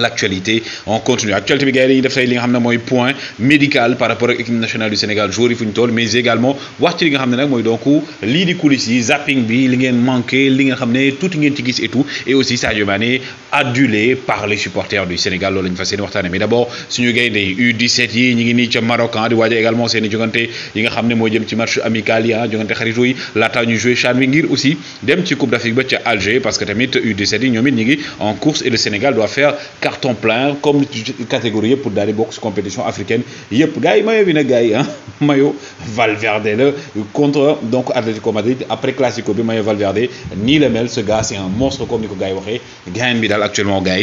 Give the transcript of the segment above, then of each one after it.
l'actualité on continue actualité bi gars dañuy def tey li nga xam ne point médical par rapport ak équipe nationale du Sénégal joueur yi fu toll mais également wax ci li nga xam ne nag mooy donc lii di coulisses zapping bi li ngeen manqué li nga xam ne tuuti ngeen ci gis et tout et aussi Sadio Mané adulé par les supporters du Sénégal loolu la ñu fas yéene waxtaane mais d' abord suñu gaynde U17 yi ñi ngi nii ca Maroc ah, di waaja également seen i jogante yi nga xam ne moo jëm ci match amical yi ah jogante xaritoo yi laataa ñu joué CHAN aussi dem ci Coupe d'Afrique Afrique ba ca Alger parce que tamit U17 yi ñoom it ñi ngi en course et le Sénégal doit faire carton plein comme catégorie pour daal di compétition africaine Yep, gars maillot bi nag gars hein. maillot Valverde le contre donc Atlético Madrid après classico bi maillot Valverde ni le mel ce gars c'est un monstre comme niko ko gars yi gain bi dal actuellement gars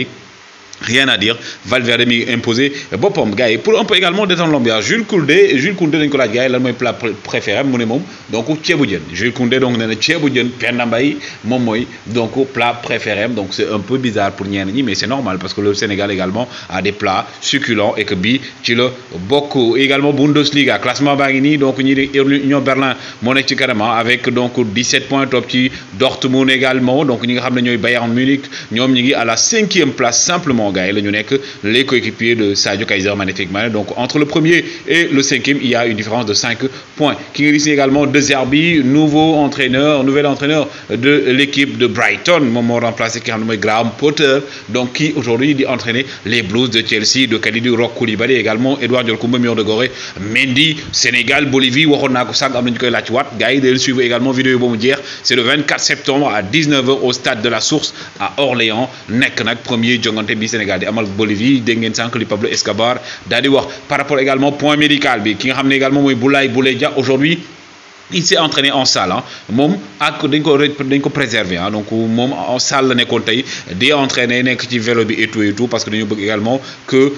Rien à dire. Valverde m'a imposé On gars pour un peu également détendre l'ambiance Jules Koundé Jules Koundé Nicolas ko gars plat préféré donc ceebu Jules Koundé donc au na Nambaï, mon donc plat préféré donc c'est un peu bizarre pour ñenn mais c'est normal parce que le Sénégal également a des plats succulents et que bi ci le beaucoup également Bundesliga classement Bagini, donc Union Berlin avec donc 17 points top Dortmund également donc ñi nga Bayern Munich Nyom ñi à la cinquième place simplement. Gaël Nyonek, les coéquipiers de Sadio Kaiser magnifiquement. Donc entre le premier et le cinquième, il y a une différence de 5 points. qui ici également de Zerbi, nouveau entraîneur, nouvel entraîneur de l'équipe de Brighton, moment remplacé Graham Potter, donc qui aujourd'hui dit entraîner les Blues de Chelsea, de Kalidou Rock Koulibaly également, Edouard Diolkoumbe, Mion de Mendy, Sénégal, Bolivie, Waronako Sang, Amnikoy Gaël il le également vidéo dire C'est le 24 septembre à 19h au stade de la Source à Orléans. premier, Sénégal di amal Bolivie dégg ngeen sànq li Pablo Escobar daal di wax par rapport également point médical bi ki nga xam également mooy Boulay Boulaye aujourd'hui il s'est entraîné en salle ah ak dañ ko dañ ko préserver hein. donc moom en salle la nekkoon tey di entraîné nekk ci vélo bi et tout et tout parce que dañu bëgg également que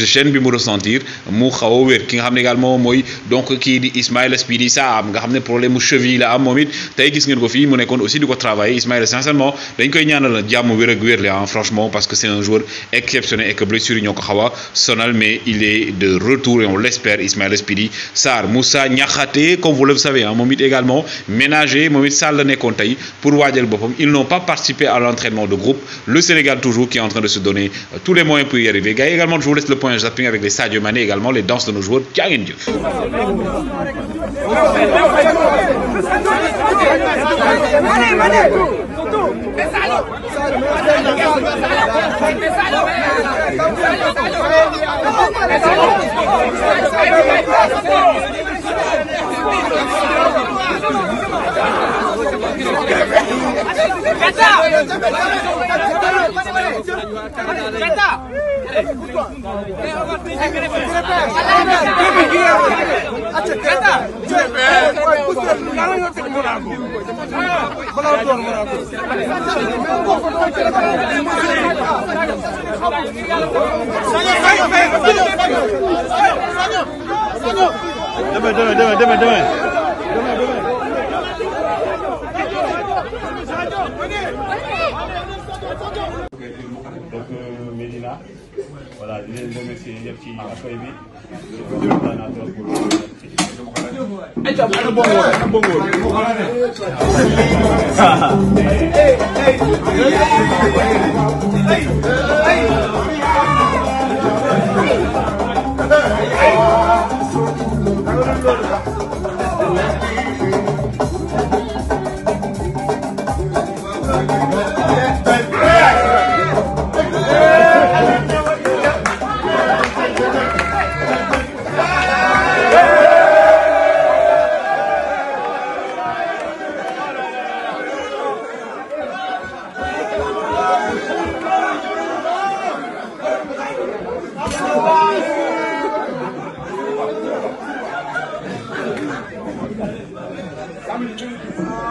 gêne euh, bi mu ressentir mu xaw wër ki nga xamné également moy donc ki di Ismaïla Speedy Sarr nga xamné problème cheville la am momit tay gis ngeen ko fi mu nekkoon aussi diko travailler Ismaïla sincèrement dañ koy ñaanal jamm wër ak wër la hein, franchement parce que c'est un joueur exceptionnel et que blessure ñoko xawa sonal mais il est de retour et on l'espère Ismaïla Speedy Sarr Moussa Niakhaté comme vous le savez momit également ménager momit salle pour Wadjel Bokom, ils n'ont pas participé à l'entraînement de groupe le Sénégal toujours qui est en train de se donner euh, tous les moyens pour y arriver gars également je vous laisse le point zapping avec les Sadio Mané également les danses de nos joueurs Deme, deme, deme, deme, deme. Deme, deme. donc Medina voilà i leen r e m p e i i k o t a a r o p Hey, hey, h y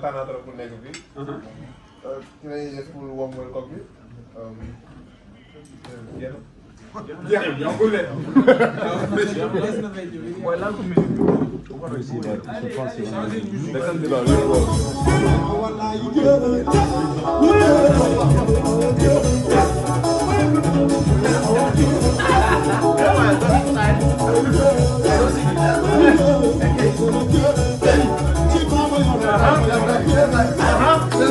kontaan naa trop pour nekk fii. ki lay yées pour woŋal koog bi. Euh, jeex na jeex na yow bu leen. mooy lan ko mën. je pense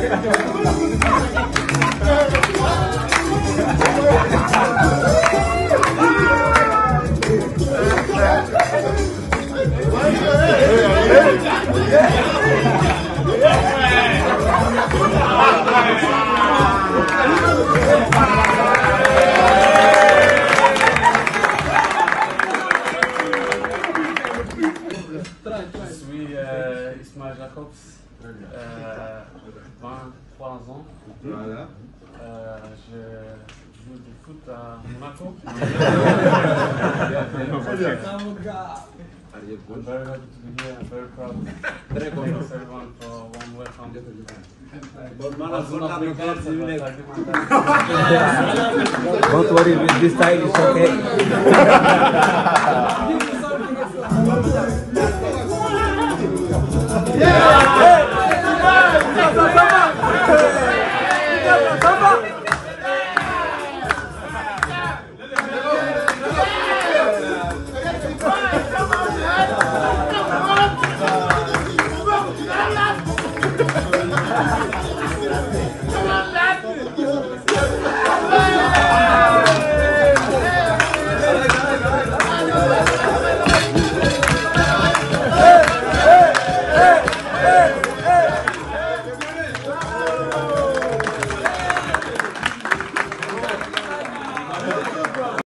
Thank you. ans. Voilà. Euh, je joue du foot à Monaco. I'm very happy to be here. I'm very proud of everyone for welcome. Don't worry, with this time it's okay. yeah!